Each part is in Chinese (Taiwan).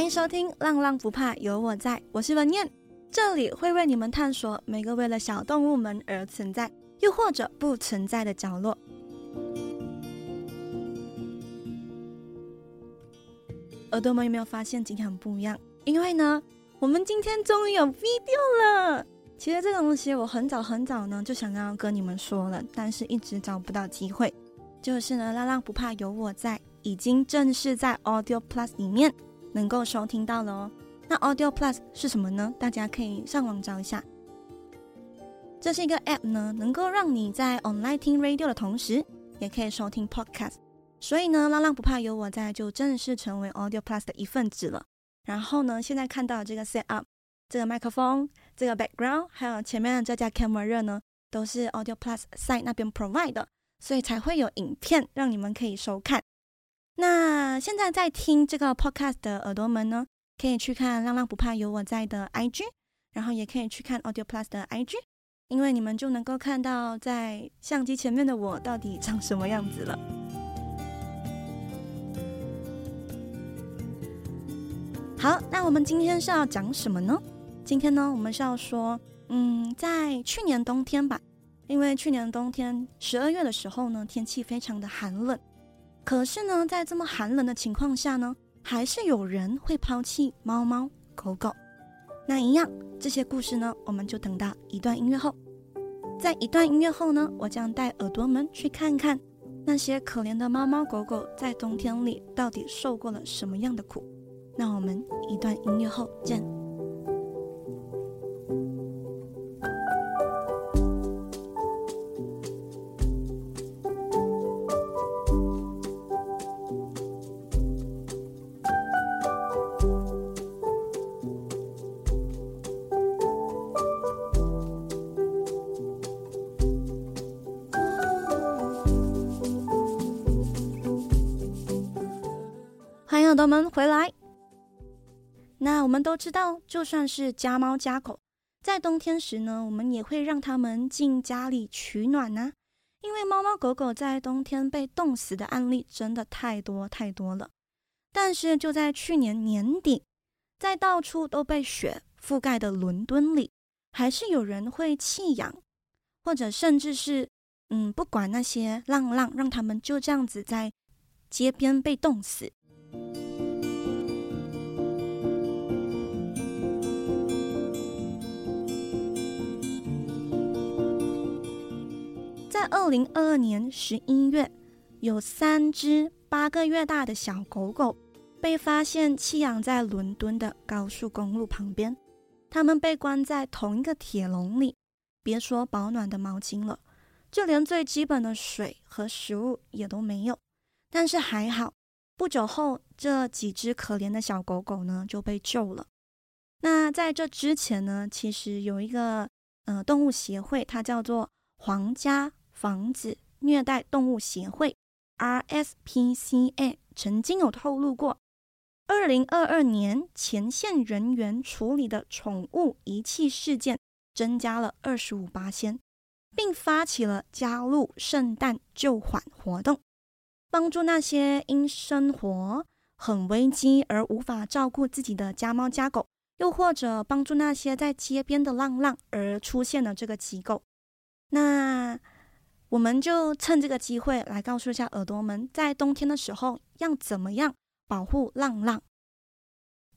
歡迎收聽《浪浪不怕有我在》，我是文燕，這裡會為你們探索每個為了小動物們而存在，又或者不存在的角落。耳朵們有沒有發現今天很不一樣？因為呢，我們今天終於有 video 了。其實這個東西我很早很早呢就想要跟你們說了，但是一直找不到機會。就是呢，《浪浪不怕有我在》已經正式在 Audio Plus 裡面。能夠收聽到了哦。那 Audio Plus 是什麼呢？大家可以上網找一下。這是一個 App 呢，能夠讓你在 Online 聽 Radio 的同時，也可以收聽 Podcast。所以呢，浪浪不怕有我在，就正式成為 Audio Plus 的一份子了。然後呢，現在看到這個 Set Up、這個麥克風、這個 Background，還有前面的這架 Camera 熱呢，都是 Audio Plus Site 那邊 Provide 的，所以才會有影片讓你們可以收看。那現在在聽這個 podcast 的耳朵們呢，可以去看浪浪不怕有我在的 IG，然後也可以去看 Audio Plus 的 IG，因為你們就能夠看到在相機前面的我到底長什麼樣子了。好，那我們今天是要講什麼呢？今天呢，我們是要說，嗯，在去年冬天吧，因為去年冬天十二月的時候呢，天氣非常的寒冷。可是呢，在這麼寒冷的情況下呢，還是有人會拋棄貓貓狗狗。那一樣，這些故事呢，我們就等到一段音樂後。在一段音樂後呢，我將帶耳朵們去看看那些可憐的貓貓狗狗在冬天裡到底受過了什麼樣的苦。那我們一段音樂後見。朋友們回來，那我們都知道，就算是家貓家狗，在冬天時呢，我們也會讓它們進家裡取暖呢。因為貓貓狗狗在冬天被凍死的案例真的太多太多了。但是就在去年年底，在到處都被雪覆蓋的倫敦裡，還是有人會棄養，或者甚至是嗯，不管那些浪浪，讓他們就這樣子在街邊被凍死。在二零二二年十一月，有三隻八個月大的小狗狗被發現棄養在倫敦的高速公路旁邊。它們被關在同一個鐵籠裡，別說保暖的毛巾了，就連最基本的水和食物也都沒有，但是還好。不久後，這幾隻可憐的小狗狗呢就被救了。那在這之前呢，其實有一個呃動物協會，它叫做皇家防止虐待動物協會 （RSPCA），曾經有透露過，二零二二年前線人員處理的寵物遺棄事件增加了二十五趴，並發起了加入聖誕救緩活動。幫助那些因生活很危機而無法照顧自己的家貓家狗，又或者幫助那些在街邊的浪浪而出現的這個機構。那我們就趁這個機會來告訴一下耳朵們，在冬天的時候要怎麼樣保護浪浪。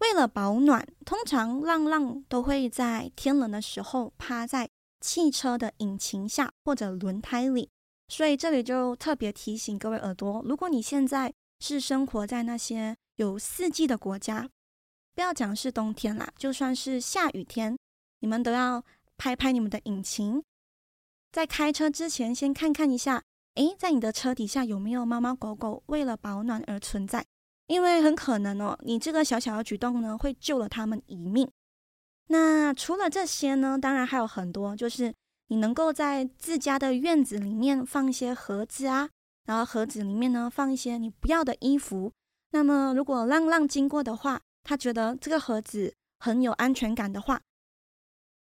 為了保暖，通常浪浪都會在天冷的時候趴在汽車的引擎下或者輪胎裡。所以這裡就特別提醒各位耳朵，如果你現在是生活在那些有四季的國家，不要講是冬天啦，就算是下雨天，你們都要拍拍你們的引擎，在開車之前先看看一下，誒，在你的車底下有沒有貓貓狗狗為了保暖而存在？因為很可能哦，你這個小小的舉動呢，會救了它們一命。那除了這些呢，當然還有很多，就是。你能夠在自家的院子裡面放一些盒子啊，然後盒子裡面呢，放一些你不要的衣服。那麼，如果浪浪經過的話，他覺得這個盒子很有安全感的話，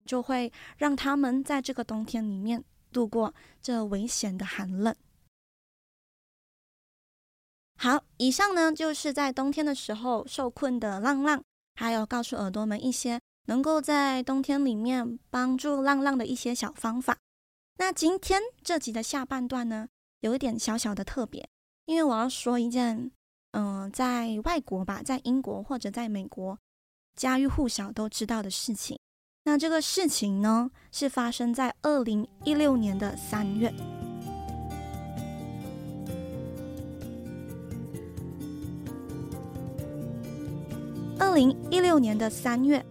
就會讓他們在這個冬天裡面度過這危險的寒冷。好，以上呢就是在冬天的時候受困的浪浪，還有告訴耳朵們一些。能夠在冬天裡面幫助浪浪的一些小方法。那今天這集的下半段呢，有一點小小的特別，因為我要說一件，嗯、呃，在外國吧，在英國或者在美國，家喻戶曉都知道的事情。那這個事情呢，是發生在二零一六年的三月，二零一六年的三月。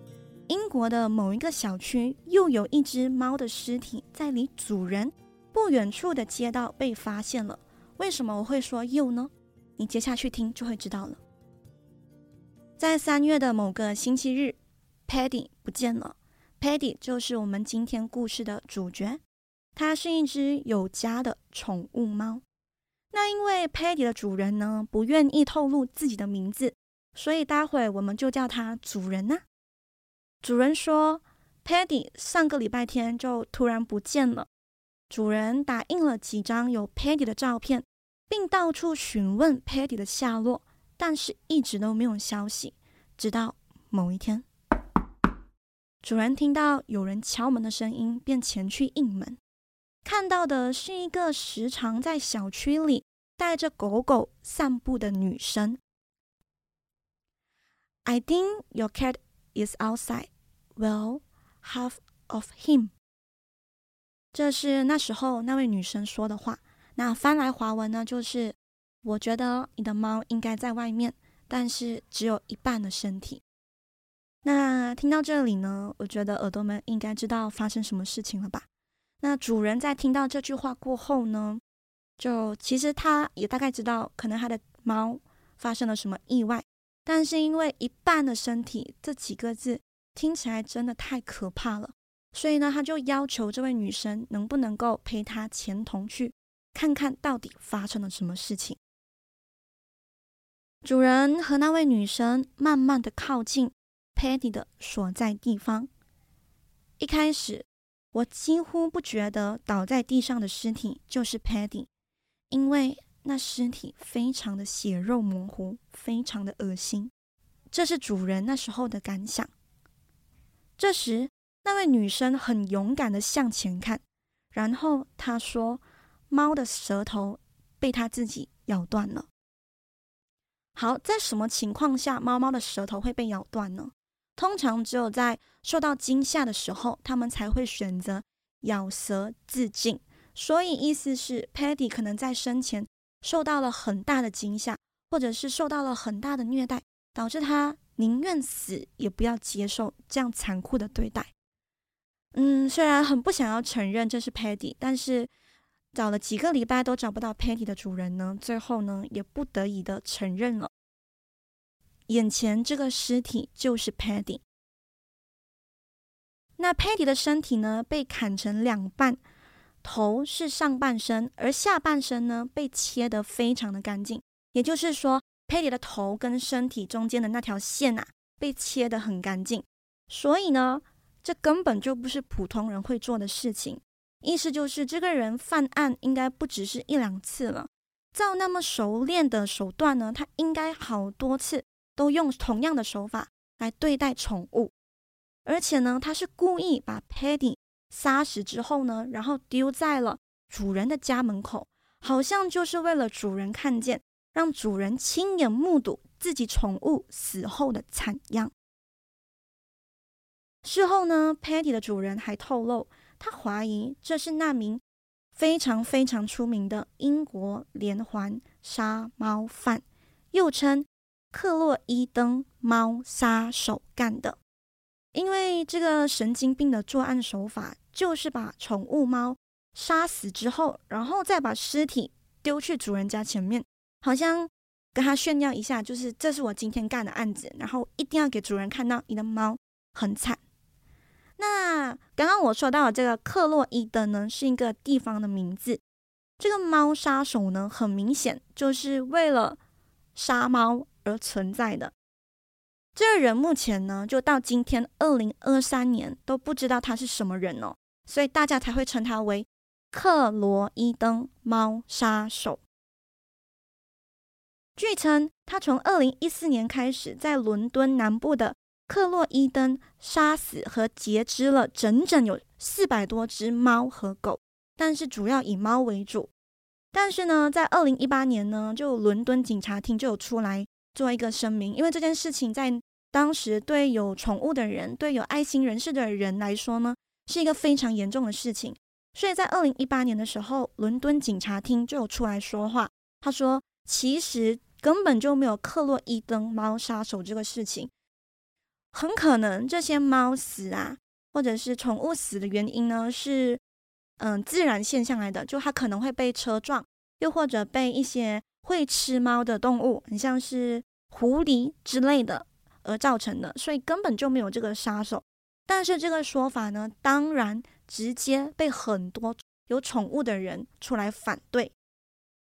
英國的某一個小區，又有一只貓的屍體在離主人不遠處的街道被發現了。為什麼我會說又呢？你接下去聽就會知道了。在三月的某個星期日，Paddy 不見了。Paddy 就是我們今天故事的主角，它是一只有家的寵物貓。那因為 Paddy 的主人呢，不願意透露自己的名字，所以待會我們就叫他主人吶、啊。主人說，Paddy 上個禮拜天就突然不見了。主人打印了幾張有 Paddy 的照片，並到處詢問 Paddy 的下落，但是一直都沒有消息，直到某一天，主人聽到有人敲門的聲音，便前去應門，看到的是一個時常在小區裡帶着狗狗散步的女生。I think your cat Is outside, well, half of him. 這是那時候那位女生說的話。那翻來華文呢，就是我覺得你的貓應該在外面，但是只有一半的身體。那聽到這裡呢，我覺得耳朵們應該知道發生什麼事情了吧？那主人在聽到這句話過後呢，就其實他也大概知道，可能他的貓發生了什麼意外。但是因為一半的身體這幾個字聽起來真的太可怕了，所以呢，他就要求這位女生能不能夠陪他前同去看看到底發生了什麼事情。主人和那位女生慢慢的靠近 Paddy 的所在地方。一開始，我幾乎不覺得倒在地上的屍體就是 Paddy，因為。那屍體非常的血肉模糊，非常的噁心。這是主人那時候的感想。這時，那位女生很勇敢地向前看，然後她說：“貓的舌頭被它自己咬斷了。”好，在什麼情況下貓貓的舌頭會被咬斷呢？通常只有在受到驚嚇的時候，它們才會選擇咬舌自盡。所以，意思是 Paddy 可能在生前，受到了很大的驚嚇，或者是受到了很大的虐待，導致他寧願死也不要接受這樣殘酷的對待。嗯，雖然很不想要承認這是 Patty，但是找了幾個禮拜都找不到 Patty 的主人呢，最後呢也不得已的承認了，眼前這個屍體就是 Patty。那 Patty 的身體呢，被砍成兩半。頭是上半身，而下半身呢被切得非常的乾淨，也就是說，Patty 的頭跟身體中間的那條線吶、啊、被切得很乾淨，所以呢，這根本就不是普通人會做的事情，意思就是這個人犯案應該不只是一兩次了，照那麼熟練的手段呢，他應該好多次都用同樣的手法來對待寵物，而且呢，他是故意把 Patty 殺死之後呢，然後丟在了主人的家門口，好像就是為了主人看見，讓主人親眼目睹自己寵物死後的慘樣。事後呢，Patty 的主人還透露，他懷疑這是那名非常非常出名的英國連環殺貓犯，又稱克洛伊登貓殺手幹的。因為這個神經病的作案手法就是把寵物貓殺死之後，然後再把屍體丟去主人家前面，好像跟他炫耀一下，就是這是我今天幹的案子，然後一定要給主人看到你的貓很慘。那剛剛我說到的這個克洛伊登呢，是一個地方的名字。這個貓殺手呢，很明顯就是為了殺貓而存在的。這個人目前呢，就到今天二零二三年都不知道他是什麼人哦，所以大家才會稱他為克羅伊登貓殺手。據稱，他從二零一四年開始在倫敦南部的克羅伊登殺死和截肢了整整有四百多隻貓和狗，但是主要以貓為主。但是呢，在二零一八年呢，就倫敦警察廳就有出來做一個聲明，因為這件事情在。當時對有寵物的人，對有愛心人士的人來說呢，是一個非常嚴重的事情。所以在二零一八年的時候，倫敦警察廳就有出來說話，他說：“其實根本就沒有克洛伊登貓殺手這個事情，很可能這些貓死啊，或者是寵物死的原因呢，是嗯、呃、自然現象來的，就它可能會被車撞，又或者被一些會吃貓的動物，很像是狐狸之類的。”而造成的，所以根本就沒有這個殺手。但是這個說法呢，當然直接被很多有寵物的人出來反對。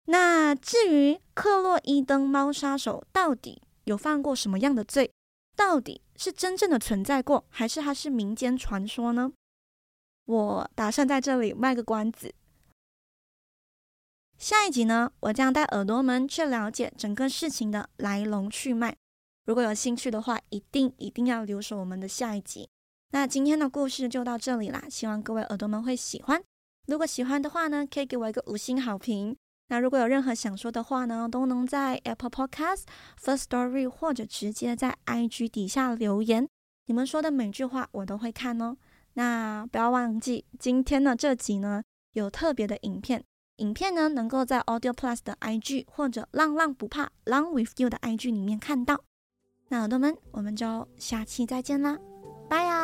那至於克洛伊登貓殺手到底有犯過什麼樣的罪，到底是真正的存在過，還是它是民間傳說呢？我打算在這裡賣個關子。下一集呢，我將帶耳朵們去了解整個事情的來龍去脈。如果有興趣的話，一定一定要留守我們的下一集。那今天的故事就到這裡啦，希望各位耳朵們會喜歡。如果喜歡的話呢，可以給我一個五星好評。那如果有任何想說的話呢，都能在 Apple Podcast First Story 或者直接在 IG 底下留言。你們說的每句話我都會看哦。那不要忘記，今天的這集呢有特別的影片，影片呢能夠在 Audio Plus 的 IG 或者浪浪不怕 Lang With You 的 IG 裡面看到。那耳朵們，我們就下期再見啦，拜呀！